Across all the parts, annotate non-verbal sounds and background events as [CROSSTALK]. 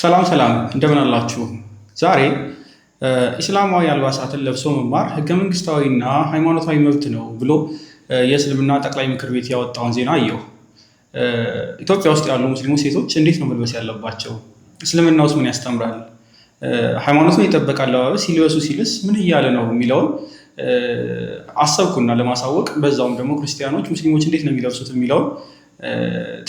ሰላም ሰላም እንደምን አላችሁ። ዛሬ እስላማዊ አልባሳትን ለብሶ መማር ህገ መንግስታዊና ሃይማኖታዊ መብት ነው ብሎ የእስልምና ጠቅላይ ምክር ቤት ያወጣውን ዜና አየሁ። ኢትዮጵያ ውስጥ ያሉ ሙስሊሞች ሴቶች እንዴት ነው መልበስ ያለባቸው? እስልምና ውስጥ ምን ያስተምራል? ሃይማኖቱን የጠበቀ አለባበስ ሲልበሱ ሲልስ ምን እያለ ነው የሚለውን አሰብኩና ለማሳወቅ በዛውም ደግሞ ክርስቲያኖች ሙስሊሞች እንዴት ነው የሚለብሱት የሚለውን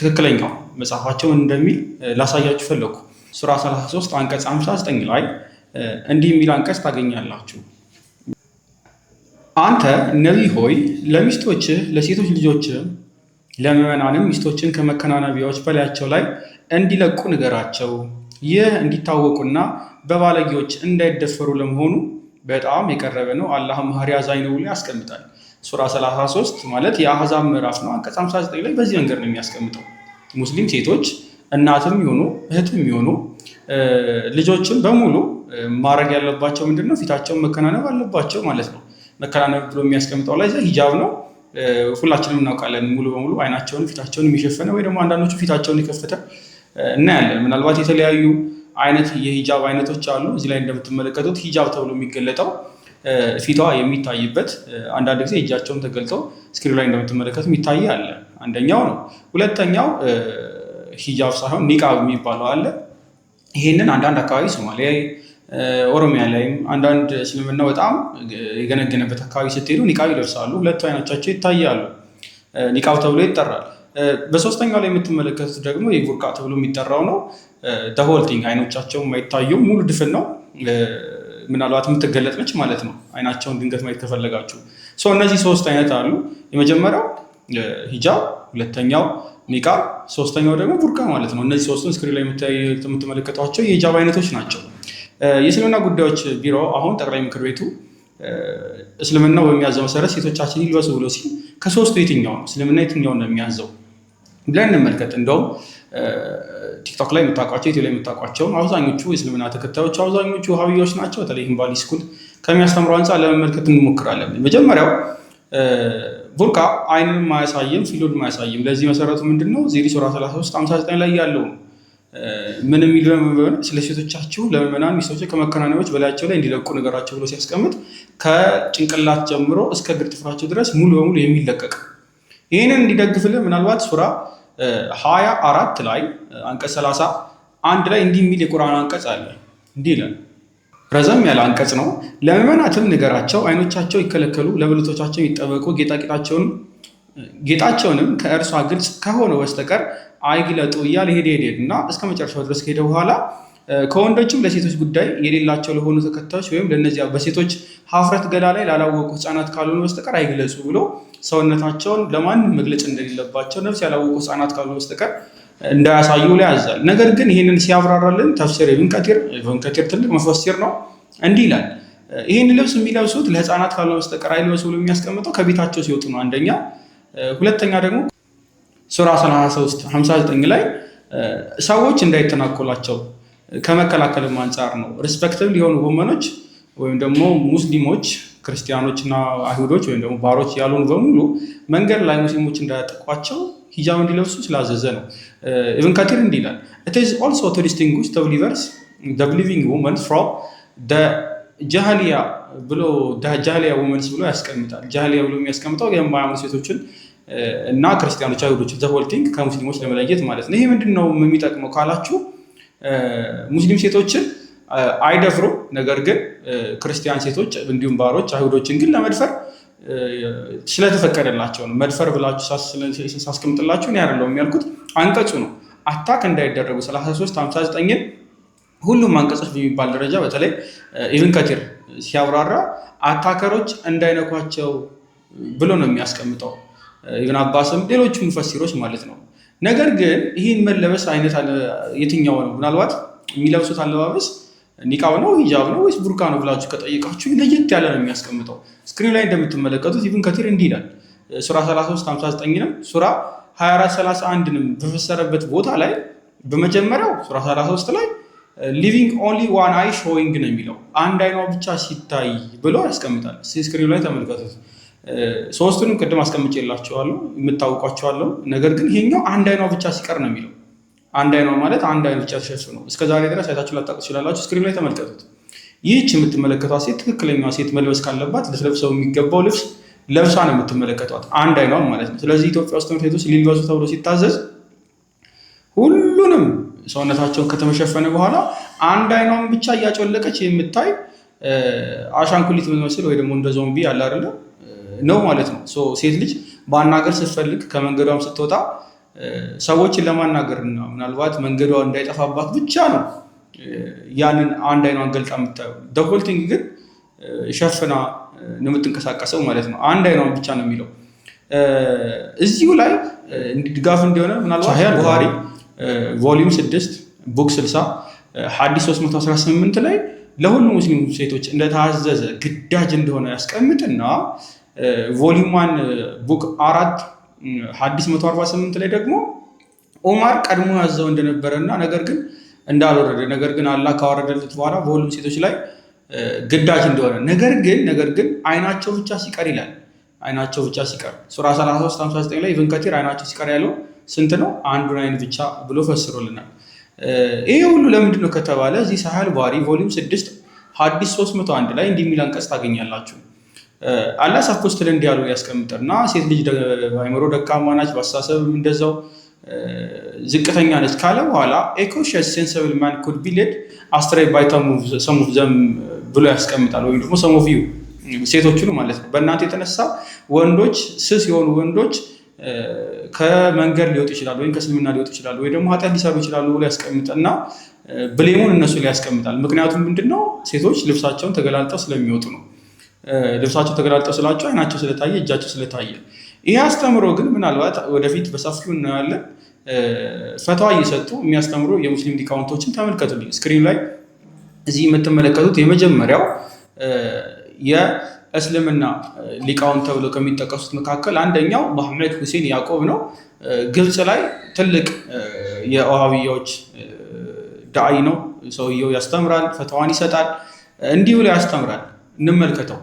ትክክለኛው መጽሐፋቸውን እንደሚል ላሳያችሁ ፈለግኩ። ሱራ 33 አንቀጽ 59 ላይ እንዲህ የሚል አንቀጽ ታገኛላችሁ። አንተ ነቢይ ሆይ ለሚስቶችህ ለሴቶች ልጆች ለምዕመናንም ሚስቶችን ከመከናነቢያዎች በላያቸው ላይ እንዲለቁ ንገራቸው። ይህ እንዲታወቁና በባለጌዎች እንዳይደፈሩ ለመሆኑ በጣም የቀረበ ነው። አላህ መሐሪ አዛኝ ነው ብሎ ያስቀምጣል። ሱራ 33 ማለት የአህዛብ ምዕራፍ ነው። አንቀጽ 59 ላይ በዚህ መንገድ ነው የሚያስቀምጠው ሙስሊም ሴቶች እናትም ይሆኑ እህትም ይሆኑ ልጆችን በሙሉ ማድረግ ያለባቸው ምንድን ነው? ፊታቸውን መከናነብ አለባቸው ማለት ነው። መከናነብ ብሎ የሚያስቀምጠው ላይ ሂጃብ ነው። ሁላችንም እናውቃለን። ሙሉ በሙሉ አይናቸውን ፊታቸውን የሚሸፈነ ወይ ደግሞ አንዳንዶቹ ፊታቸውን የከፈተ እናያለን። ምናልባት የተለያዩ አይነት የሂጃብ አይነቶች አሉ። እዚህ ላይ እንደምትመለከቱት ሂጃብ ተብሎ የሚገለጠው ፊቷ የሚታይበት አንዳንድ ጊዜ እጃቸውን ተገልጠው ስክሪን ላይ እንደምትመለከቱ የሚታይ አለ። አንደኛው ነው። ሁለተኛው ሂጃብ ሳይሆን ኒቃብ የሚባለው አለ። ይሄንን አንዳንድ አካባቢ ሶማሊያ፣ ኦሮሚያ ላይም አንዳንድ እስልምና በጣም የገነገነበት አካባቢ ስትሄዱ ኒቃብ ይደርሳሉ። ሁለቱ አይኖቻቸው ይታያሉ፣ ኒቃብ ተብሎ ይጠራል። በሶስተኛው ላይ የምትመለከቱት ደግሞ የቡርቃ ተብሎ የሚጠራው ነው። ደሆልቲንግ አይኖቻቸው ማይታየው ሙሉ ድፍን ነው። ምናልባት የምትገለጥ ነች ማለት ነው። አይናቸውን ድንገት ማየት ከፈለጋችሁ እነዚህ ሶስት አይነት አሉ። የመጀመሪያው ሂጃብ፣ ሁለተኛው ኒቃ፣ ሶስተኛው ደግሞ ቡርቃ ማለት ነው። እነዚህ ሶስቱን ስክሪን ላይ የምትመለከቷቸው የሂጃብ አይነቶች ናቸው። የእስልምና ጉዳዮች ቢሮ አሁን ጠቅላይ ምክር ቤቱ እስልምና በሚያዘው መሰረት ሴቶቻችን ይልበሱ ብሎ ሲል ከሶስቱ የትኛው ነው እስልምና የትኛው ነው የሚያዘው ብለን እንመልከት። እንደውም ቲክቶክ ላይ የምታውቋቸው ኢትዮ ላይ የምታውቋቸውም አብዛኞቹ የእስልምና ተከታዮች አብዛኞቹ ሀብያዎች ናቸው። በተለይ ባሊ ስኩል ከሚያስተምረው አንጻር ለመመልከት እንሞክራለን። መጀመሪያው ቡርቃ አይንን ማያሳይም ፊሉን ማያሳይም። ለዚህ መሰረቱ ምንድን ነው? ዜሪ ሱራ 33 59 ላይ ያለው ምን የሚል በመሆን ስለ ሴቶቻችሁ ለምዕመናን ሚስቶቻቸው ከመከናነቦች በላያቸው ላይ እንዲለቁ ነገራቸው ብሎ ሲያስቀምጥ ከጭንቅላት ጀምሮ እስከ እግር ጥፍራቸው ድረስ ሙሉ በሙሉ የሚለቀቅ ይህንን እንዲደግፍልን ምናልባት ሱራ 24 ላይ አንቀጽ 30 አንድ ላይ እንዲህ የሚል የቁርአን አንቀጽ አለ። እንዲህ ይለን ረዘም ያለ አንቀጽ ነው። ለምዕመናትም ንገራቸው፣ አይኖቻቸው ይከለከሉ፣ ለብልቶቻቸው ይጠበቁ፣ ጌጣጌጣቸውን ጌጣቸውንም ከእርሷ ግልጽ ከሆነ በስተቀር አይግለጡ እያለ ሄደ ሄደሄድ እና እስከ መጨረሻው ድረስ ከሄደ በኋላ ከወንዶችም ለሴቶች ጉዳይ የሌላቸው ለሆኑ ተከታዮች ወይም ለነዚያ በሴቶች ሀፍረት ገላ ላይ ላላወቁ ህጻናት ካልሆኑ በስተቀር አይግለጹ ብሎ ሰውነታቸውን ለማንም መግለጽ እንደሌለባቸው ነፍስ ያላወቁ ሕፃናት ካልሆኑ በስተቀር እንዳያሳዩ ላይ ያዛል። ነገር ግን ይህንን ሲያብራራልን ተፍሲር ኢብን ከቲር ኢብን ከቲር ትልቅ መፈሲር ነው፣ እንዲህ ይላል ይህን ልብስ የሚለብሱት ለህፃናት ካለ በስተቀር አይልበሱ ብሎ የሚያስቀምጠው ከቤታቸው ሲወጡ ነው። አንደኛ። ሁለተኛ ደግሞ ሱራ 3359 ላይ ሰዎች እንዳይተናኮላቸው ከመከላከልም አንጻር ነው። ሪስፔክትብል ሊሆኑ ወመኖች ወይም ደግሞ ሙስሊሞች፣ ክርስቲያኖች እና አይሁዶች ወይም ደግሞ ባሮች ያልሆኑ በሙሉ መንገድ ላይ ሙስሊሞች እንዳያጠቋቸው ሂጃብ እንዲለብሱ ስላዘዘ ነው። ኢብን ከቲር እንዲህ ይላል ኢት ኢዝ ኦልሶ ቱ ዲስቲንጉሽ ዘ ቢሊቨርስ ዘ ቢሊቪንግ ውመንስ ፍሮም ጃህሊያ ብሎ ጃህሊያ ውመንስ ብሎ ያስቀምጣል። ጃህሊያ ብሎ የሚያስቀምጠው የማያምኑ ሴቶችን እና ክርስቲያኖች፣ አይሁዶችን ዘ ሆል ቲንግ ከሙስሊሞች ለመለየት ማለት ነው። ይህ ምንድን ነው የሚጠቅመው ካላችሁ ሙስሊም ሴቶችን አይደፍሩም። ነገር ግን ክርስቲያን ሴቶች እንዲሁም ባሮች አይሁዶችን ግን ለመድፈር ስለተፈቀደላቸው ነው። መድፈር ብላችሁ ሳስቀምጥላችሁ እኔ አይደለሁም የሚያልኩት አንቀጹ ነው። አታክ እንዳይደረጉ 3359 59ን ሁሉም አንቀጾች በሚባል ደረጃ በተለይ ኢብን ከቲር ሲያብራራ አታከሮች እንዳይነኳቸው ብሎ ነው የሚያስቀምጠው። ኢብን አባስም ሌሎች ሙፈሲሮች ማለት ነው። ነገር ግን ይህን መለበስ አይነት የትኛው ነው? ምናልባት የሚለብሱት አለባበስ ኒቃብ ነው ሂጃብ ነው ወይስ ቡርካ ነው ብላችሁ ከጠየቃችሁ ለየት ያለ ነው የሚያስቀምጠው። ስክሪን ላይ እንደምትመለከቱት ኢብን ከቲር እንዲህ ይላል። ሱራ 33 59ንም ሱራ 24 ንም በፈሰረበት ቦታ ላይ በመጀመሪያው ሱራ 33 ላይ ሊቪንግ ኦንሊ ዋን አይ ሾዊንግ ነው የሚለው አንድ አይኗ ብቻ ሲታይ ብሎ ያስቀምጣል። ስክሪን ላይ ተመልከቱት። ሶስቱንም ቅድም አስቀምጬላችኋለሁ የምታውቋቸዋለሁ። ነገር ግን ይሄኛው አንድ አይኗ ብቻ ሲቀር ነው የሚለው አንድ አይኗ ማለት አንድ አይን ብቻ ተሸሱ ነው። እስከ ዛሬ ድረስ አይታችሁ ላጣቁ ትችላላችሁ። ስክሪን ላይ ተመልከቱት። ይህች የምትመለከቷት ሴት ትክክለኛዋ ሴት መልበስ ካለባት ልትለብሰው የሚገባው ልብስ ለብሳ ነው የምትመለከቷት፣ አንድ አይኗ ማለት ነው። ስለዚህ ኢትዮጵያ ውስጥ ትምህርት ቤቶች ሊልበሱ ተብሎ ሲታዘዝ ሁሉንም ሰውነታቸውን ከተመሸፈነ በኋላ አንድ አይኗን ብቻ እያጮለቀች የምታይ አሻንኩሊት የምትመስል ወይ ደግሞ እንደ ዞምቢ ያለ አይደለ ነው ማለት ነው። ሴት ልጅ በአናገር ስትፈልግ ከመንገዷም ስትወጣ ሰዎችን ለማናገርና ምናልባት መንገዷ እንዳይጠፋባት ብቻ ነው ያንን አንድ አይኗን ገልጣ የምታየው። ደሆልቲንግ ግን ሸፍና ነው የምትንቀሳቀሰው ማለት ነው። አንድ አይኗን ብቻ ነው የሚለው። እዚሁ ላይ ድጋፍ እንዲሆነ ምናልባት ቡሃሪ ቮሊዩም 6 ቡክ 60 ሀዲስ 318 ላይ ለሁሉ ሙስሊም ሴቶች እንደታዘዘ ግዳጅ እንደሆነ ያስቀምጥና ቮሊዩም ዋን ቡክ አራት ሐዲስ 148 ላይ ደግሞ ኦማር ቀድሞ ያዘው እንደነበረ እና ነገር ግን እንዳልወረደ ነገር ግን አላህ ካወረደለት በኋላ በሁሉም ሴቶች ላይ ግዳጅ እንደሆነ ነገር ግን ነገር ግን አይናቸው ብቻ ሲቀር ይላል። አይናቸው ብቻ ሲቀር ሱራ 3359 ላይ ኢብን ከቲር አይናቸው ሲቀር ያለው ስንት ነው? አንዱን አይን ብቻ ብሎ ፈስሮልናል። ይሄ ሁሉ ለምንድን ነው ከተባለ እዚህ ሳህል ባህሪ ቮሊዩም 6 ሀዲስ 301 ላይ እንዲህ የሚል አንቀጽ ታገኛላችሁ። አላህ ሰፍቶ ስትል እንዲህ ያሉ ሴት ልጅ አይምሮ ደካማ ናች፣ በአስተሳሰብም እንደዛው ዝቅተኛ ነች ካለ በኋላ ኤኮሽ ሴንሰብል ማን ኮድ ቢሌድ አስትራይ ባይታ ሰሙፍ ዘም ብሎ ያስቀምጣል። ወይም ደግሞ ዩ ሴቶችን ማለት ነው። በእናንተ የተነሳ ወንዶች ስስ የሆኑ ወንዶች ከመንገድ ሊወጡ ይችላሉ፣ ወይም ከስልምና ሊወጡ ይችላሉ፣ ወይ ደግሞ ኃጢአት ሊሰሩ ይችላሉ ብሎ ያስቀምጥና ብሌሙን እነሱ ላይ ያስቀምጣል። ምክንያቱም ምንድነው ሴቶች ልብሳቸውን ተገላልጠው ስለሚወጡ ነው። ልብሳቸው ተገላልጠው ስላቸው አይናቸው ስለታየ እጃቸው ስለታየ ይህ አስተምሮ ግን ምናልባት ወደፊት በሰፊው እናያለን። ፈተዋ እየሰጡ የሚያስተምሩ የሙስሊም ሊቃውንቶችን ተመልከቱልኝ። ስክሪን ላይ እዚህ የምትመለከቱት የመጀመሪያው የእስልምና ሊቃውንት ተብሎ ከሚጠቀሱት መካከል አንደኛው መሐመድ ሁሴን ያዕቆብ ነው። ግብፅ ላይ ትልቅ የውሃብያዎች ዳአይ ነው። ሰውየው ያስተምራል፣ ፈተዋን ይሰጣል፣ እንዲሁ ላይ ያስተምራል። እንመልከተው።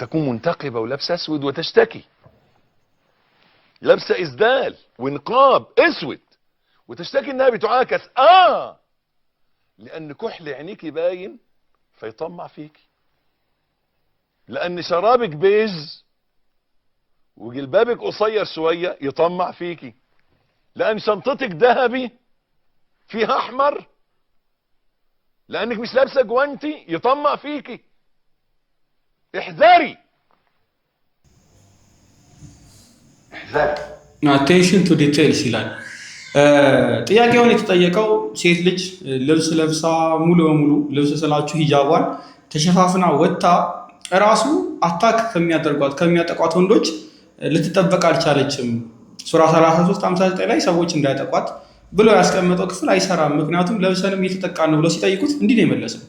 تكون منتقبة ولابسة اسود وتشتكي لابسة اسدال ونقاب اسود وتشتكي انها بتعاكس اه لان كحل عينيكي باين فيطمع فيكي لان شرابك بيز وجلبابك قصير شوية يطمع فيكي لان شنطتك ذهبي فيها احمر لانك مش لابسه جوانتي يطمع فيكي احذري احذري አቴንሽን ቱ ዲቴልስ ይላል ጥያቄውን የተጠየቀው ሴት ልጅ ልብስ ለብሳ ሙሉ በሙሉ ልብስ ስላችሁ ሂጃቧን ተሸፋፍና ወጥታ እራሱ አታክ ከሚያደርጓት ከሚያጠቋት ወንዶች ልትጠበቅ አልቻለችም። ሱራ 33 59 ላይ ሰዎች እንዳያጠቋት ብሎ ያስቀመጠው ክፍል አይሰራም፣ ምክንያቱም ለብሰንም እየተጠቃን ነው ብለው ሲጠይቁት እንዲህ ነው የመለሰው።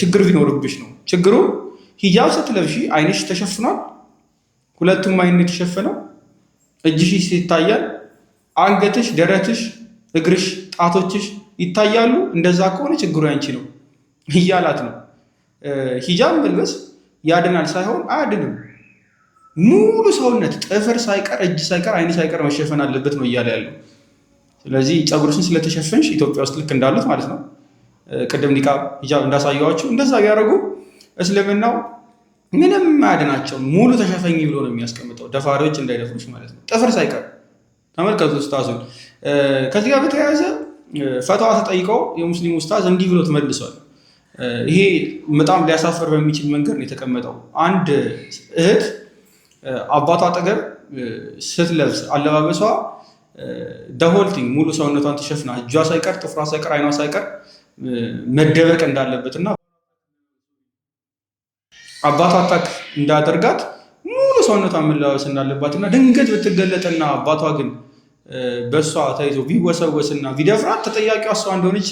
ችግር ቢኖርብሽ ነው። ችግሩ ሂጃብ ስትለብሺ አይንሽ ተሸፍኗል፣ ሁለቱም አይን የተሸፈነው እጅሽ ይታያል፣ አንገትሽ፣ ደረትሽ፣ እግርሽ፣ ጣቶችሽ ይታያሉ። እንደዛ ከሆነ ችግሩ ያንቺ ነው [LAUGHS] እያላት ነው። ሂጃብ መልበስ ያድናል ሳይሆን አያድንም። ሙሉ ሰውነት ጥፍር ሳይቀር እጅ ሳይቀር አይን ሳይቀር መሸፈን አለበት ነው እያለ ያለው። ስለዚህ ጸጉርሽን ስለተሸፈንሽ ኢትዮጵያ ውስጥ ልክ እንዳሉት ማለት ነው ቅድም ኒቃብ ሂጃብ እንዳሳየዋችሁ እንደዛ ቢያደርጉ እስልምናው ምንም ማያድናቸው ሙሉ ተሸፈኝ ብሎ ነው የሚያስቀምጠው፣ ደፋሪዎች እንዳይደፍሩች ማለት ነው። ጥፍር ሳይቀር ተመልከቱ ኡስታዙን። ከዚህ ጋር በተያያዘ ፈተዋ ተጠይቀው የሙስሊም ኡስታዝ እንዲህ ብሎ ተመልሷል። ይሄ በጣም ሊያሳፈር በሚችል መንገድ ነው የተቀመጠው። አንድ እህት አባቷ አጠገብ ስትለብስ አለባበሷ ደሆልቲንግ ሙሉ ሰውነቷን ተሸፍና እጇ ሳይቀር ጥፍሯ ሳይቀር አይኗ ሳይቀር መደበቅ እንዳለበትና አባት አታክ እንዳደርጋት ሙሉ ሰውነቷ እንዳለባት ና ድንገት ብትገለጥና አባቷ ግን በእሷ ተይዞ ቢወሰወስና ቢደፍራት ተጠያቂዋ እሷ እንደሆነች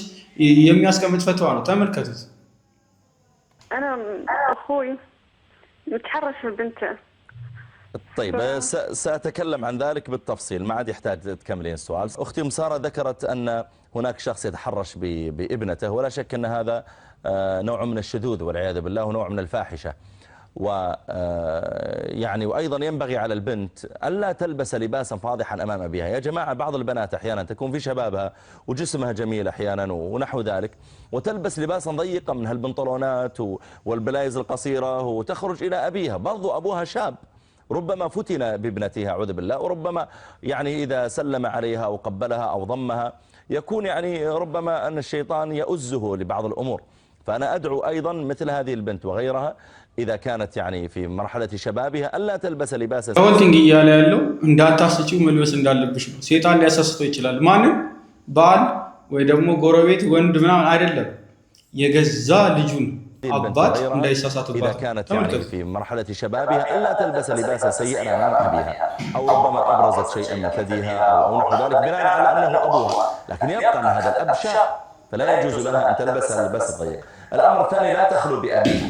የሚያስቀምጥ ፈተዋ ነው። ተመልከቱት። طيب ف... سأتكلم عن ذلك بالتفصيل ما عاد يحتاج تكملين السؤال أختي مسارة ذكرت أن هناك شخص يتحرش بابنته ولا شك أن هذا آه، نوع من الشذوذ والعياذ بالله ونوع من الفاحشة و آه، يعني وأيضا ينبغي على البنت ألا تلبس لباسا فاضحا أمام أبيها يا جماعة بعض البنات أحيانا تكون في شبابها وجسمها جميل أحيانا ونحو ذلك وتلبس لباسا ضيقا من هالبنطلونات والبلايز القصيرة وتخرج إلى أبيها برضو أبوها شاب ربما فتن بابنتها عذب الله وربما يعني إذا سلم عليها أو قبلها أو ضمها يكون يعني ربما أن الشيطان يؤزه لبعض الأمور فأنا أدعو أيضا مثل هذه البنت وغيرها إذا كانت يعني في مرحلة شبابها ألا تلبس لباس ولتنج እያለ ያለው እንዳታስችው መልበስ እንዳለብሽ ነው። ሴጣን ሊያሳስተው ይችላል። ማንም ባል ወይ ደግሞ ጎረቤት ወንድ ምናምን አይደለም የገዛ لجون البنت الصغيرة إذا كانت يعني في مرحلة شبابها إلا تلبس لباسا سيئا أمام أبيها أو ربما أبرزت شيئا من ثديها أو نحو ذلك بناء على أنه أبوها لكن يبقى أن هذا الأب شاب فلا يجوز لها أن تلبس اللباس الضيق الأمر الثاني لا تخلو بأبيها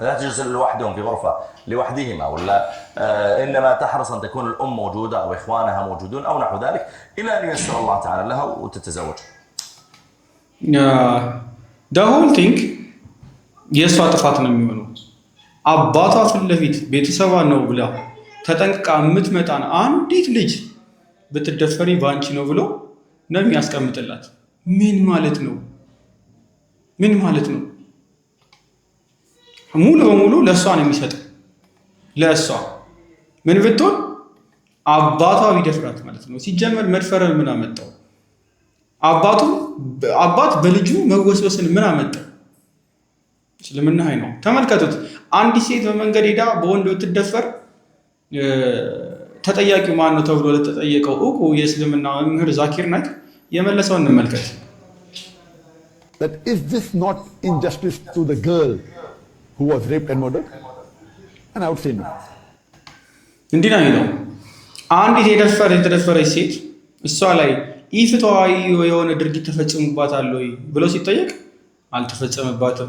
لا تجلس لوحدهم في غرفة لوحدهما ولا آه إنما تحرص أن تكون الأم موجودة أو إخوانها موجودون أو نحو ذلك إلى أن ييسر الله تعالى لها وتتزوج. Uh, the whole thing የእሷ ጥፋት ነው የሚሆነው። አባቷ ፊት ለፊት ቤተሰቧ ነው ብላ ተጠንቅቃ የምትመጣን አንዲት ልጅ ብትደፈሪ በአንቺ ነው ብሎ ነው የሚያስቀምጥላት። ምን ማለት ነው? ምን ማለት ነው? ሙሉ በሙሉ ለእሷ ነው የሚሰጥ። ለእሷ ምን ብትሆን አባቷ ቢደፍራት ማለት ነው። ሲጀመር መድፈርን ምን አመጣው? አባቱ አባት በልጁ መወስወስን ምን አመጣው? እስልምና ነው። ተመልከቱት። አንዲት ሴት በመንገድ ሄዳ በወንድ ብትደፈር ተጠያቂው ማን ነው ተብሎ ለተጠየቀው እውቁ የእስልምና መምህር ዛኪር ናይክ የመለሰው እንመልከት። እንዲህ ነው የሚለው አንዲት የደፈረ የተደፈረች ሴት እሷ ላይ ኢፍትሐዊ የሆነ ድርጊት ተፈጽሙባታል ወይ ብሎ ሲጠየቅ አልተፈጸመባትም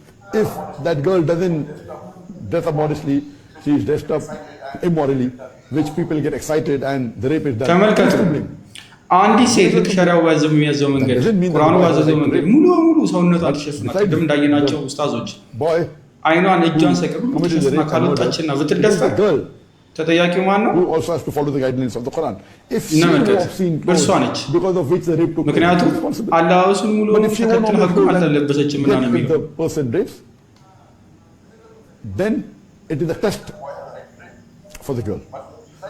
if that girl doesn't dress up modestly, she is dressed up immorally, which people get excited and the rape is done. አንዲት ሴት ልትሸሪያው ባዘው የሚያዘው መንገድ ቁርአኑ ባዘዘው መንገድ ሙሉ በሙሉ ሰውነቷ አልተሸፍናት ቅድም እንዳየናቸው ኡስታዞች አይኗን፣ እጇን ሰቅም ተሸፍና ካልወጣችና ብትደፈር ተጠያቂው ማን ነው? ኦልሶ ሃዝ ቱ ፎሎ ዘ ጋይድላይንስ ኦፍ ዘ ቁርአን እርሷ ነች። ምክንያቱም አለባበሱን ሙሉ ተከትል ህጉ አልተለበሰችም ምናምን የሚለው then it is a test for the girl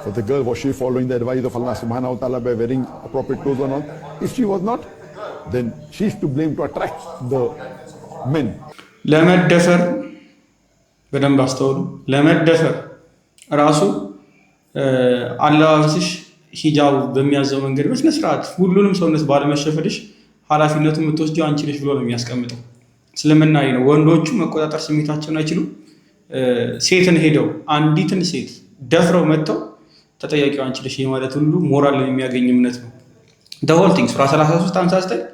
for the girl was she following the advice of allah subhanahu wa ta'ala by wearing appropriate clothes or not if she was not then she is to blame to attract the men ለመደፈር በደንብ አስተውሉ ለመደፈር ራሱ አለባበስሽ ሂጃብ በሚያዘው መንገድ በስነ ስርዓት ሁሉንም ሰውነት ባለመሸፈንሽ ሀላፊነቱ የምትወስጂው አንቺ ነሽ ብሎ ነው የሚያስቀምጠው። እስልምና ነው። ወንዶቹ መቆጣጠር ስሜታቸውን አይችሉም። ሴትን ሄደው አንዲትን ሴት ደፍረው መጥተው ተጠያቂው አንቺ ነሽ የማለት ሁሉ ሞራል የሚያገኝ እምነት ነው። ደሆልቲንግ ሱራ 33 59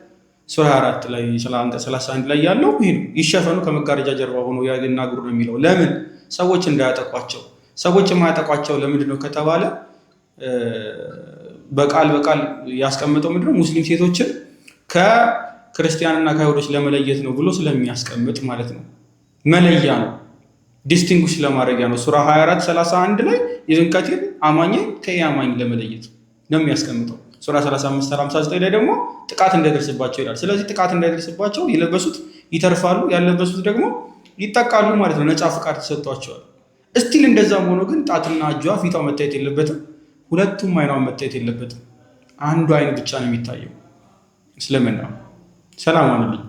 ሱራ 24 ላይ 31 ላይ ያለው ይሄ ነው። ይሸፈኑ ከመጋረጃ ጀርባ ሆኖ ያግና ነው የሚለው ለምን ሰዎች እንዳያጠቋቸው ሰዎች የማያጠቋቸው ለምንድን ነው ከተባለ በቃል በቃል ያስቀምጠው ምንድን ነው ሙስሊም ሴቶችን ከክርስቲያንና ከአይሁዶች ለመለየት ነው ብሎ ስለሚያስቀምጥ ማለት ነው። መለያ ነው፣ ዲስቲንጉሽ ለማድረጊያ ነው። ሱራ 24 31 ላይ ኢብን ከቲር አማኝ ለመለየት ነው የሚያስቀምጠው። ሱራ 35 59 ላይ ደግሞ ጥቃት እንዳይደርስባቸው ይላል። ስለዚህ ጥቃት እንዳይደርስባቸው የለበሱት ይተርፋሉ፣ ያለበሱት ደግሞ ይጠቃሉ ማለት ነው። ነጫ ፍቃድ ተሰጥቷቸዋል። እስቲል እንደዛም ሆኖ ግን ጣትና እጇ ፊቷ መታየት የለበትም። ሁለቱም አይኗ መታየት የለበትም። አንዱ አይን ብቻ ነው የሚታየው። እስልምና ሰላም ሆንልኝ።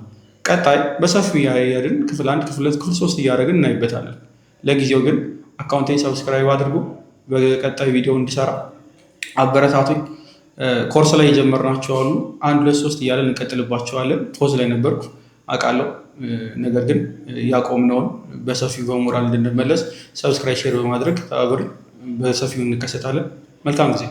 ቀጣይ በሰፊው ያየርን ክፍል አንድ ክፍል ሁለት ክፍል ሶስት እያደረግን እናይበታለን። ለጊዜው ግን አካውንቴን ሰብስክራይብ አድርጎ በቀጣይ ቪዲዮ እንዲሰራ አበረታቶች ኮርስ ላይ የጀመርናቸው አሉ። አንድ ሁለት ሶስት እያለን እንቀጥልባቸዋለን። ፖዝ ላይ ነበርኩ አውቃለሁ። ነገር ግን ያቆምነውን በሰፊው በሞራል እንድንመለስ ሰብስክራይብ፣ ሼር በማድረግ ተባበሩን። በሰፊው እንከሰታለን። መልካም ጊዜ